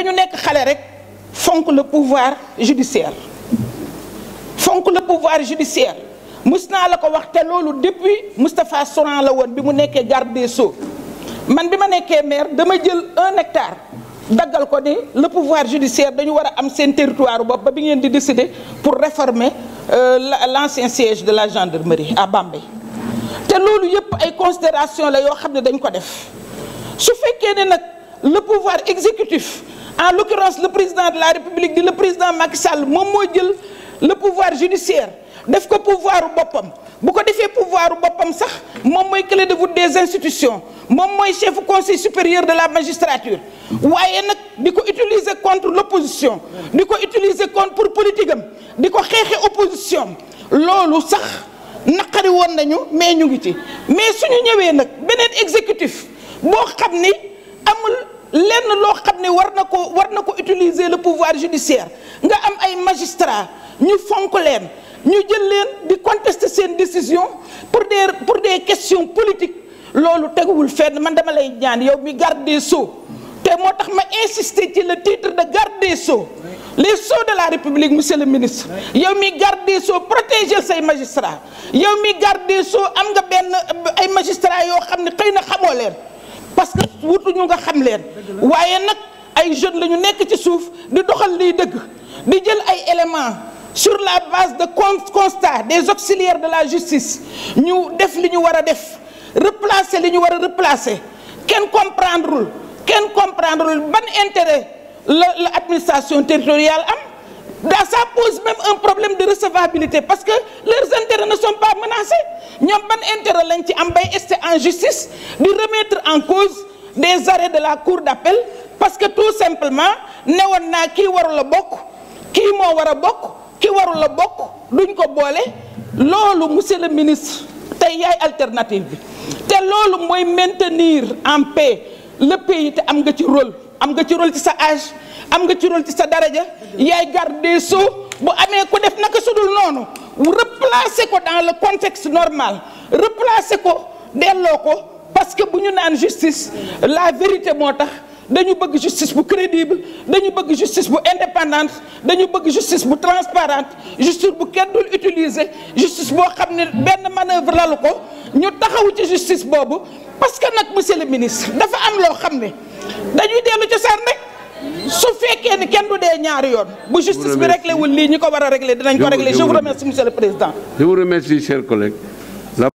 dañu nekk xale rek fonk le pouvoir judiciaire fonk le pouvoir judiciaire mus naa la ko wax depuis Moustapha Soran la woon garde des Sceaux man bima ma maire dama jël 1 hectare dagal ko ni le pouvoir judiciaire dañu wara a am sen territoire bop ba bi ngeen di décider pour réformer euh, l'ancien siège de la gendarmerie à Bambey té lolu yépp ay considération la yo xamné dañ ko def su né nak le pouvoir exécutif en l'occurrence le président de la république dit le président Macky Sall moom le pouvoir judiciaire def ko pouvoiru bopam. bu ko pouvoir pouvoir bopam sax mom moy clé de voûte des institutions le chef du conseil supérieur de la magistrature Wayé nak utilisé utiliser contre l'opposition Il utiliser contre pour politique Il xéxé utilisé contre opposition loolu sax nakari won nañu mais ñu ngi ci mais suñu ñëwé nak benen exécutif boo xamni amul lenn loo xam ne war na utiliser le pouvoir judiciaire nga am ay magistrats ñu fonk leen ñu jël leen di contester seen décision pour des pour des questions politiques loolu teguwul fenn man dama lay ñaan yow mi garde des sceaux te moo tax ma insister ci le titre de garde des sceaux les sceaux de la république monsieur le ministre yow mi garde des sceaux protéger say magistrats yow mi garde des sceaux am nga benn ay magistrats yoo xam ne xëy na parce que nous nga xam leen waaye nag ay jeunes nous ñu nekk ci suuf di doxal liy dëgg di jël éléments sur la base de constats des auxiliaires de la justice ñu def li ñu war def replacer li ñu war a replacer kenn ban intérêt l'administration territoriale ça pose même un problème de recevabilité parce que leurs intérêts ne sont pas menacés ñoom ban intérêt lañ ci am bay en justice de remettre en cause des arrêts de la cour d'appel parce que tout simplement newoon naa qui waru a bokk ki qui wara a ki waru qui a bokk duñ ko C'est loolu monsieur le ministre c'est yaay alternative C'est te qui maintenir en paix le pays te am nga ci rôle am nga ci rôle ci sa âge am nga ci rôle ci sa daraja yaay garde des sceaux bu amee ko def naka sudul noonu replacer ko dans le contexte normal replacer ko delloo ko parce que bu ñu naan justice la vérité moo tax dañu bëgg justice bu crédible dañu bëgg justice bu indépendante dañu bëgg justice bu transparente justice bu kenn dul utiliser justice boo xam ne benn manœuvre lalu ko ñu taxaw ci justice boobu parce que nag monsieur le ministre dafa am loo xam ne dañuy dellu cosaan rek su que ni kenn du dee ñaari justice bi réglé wul lii ñi régler, war a dinañ ko je vous remercie monsieur le président je vous remercie chers collègues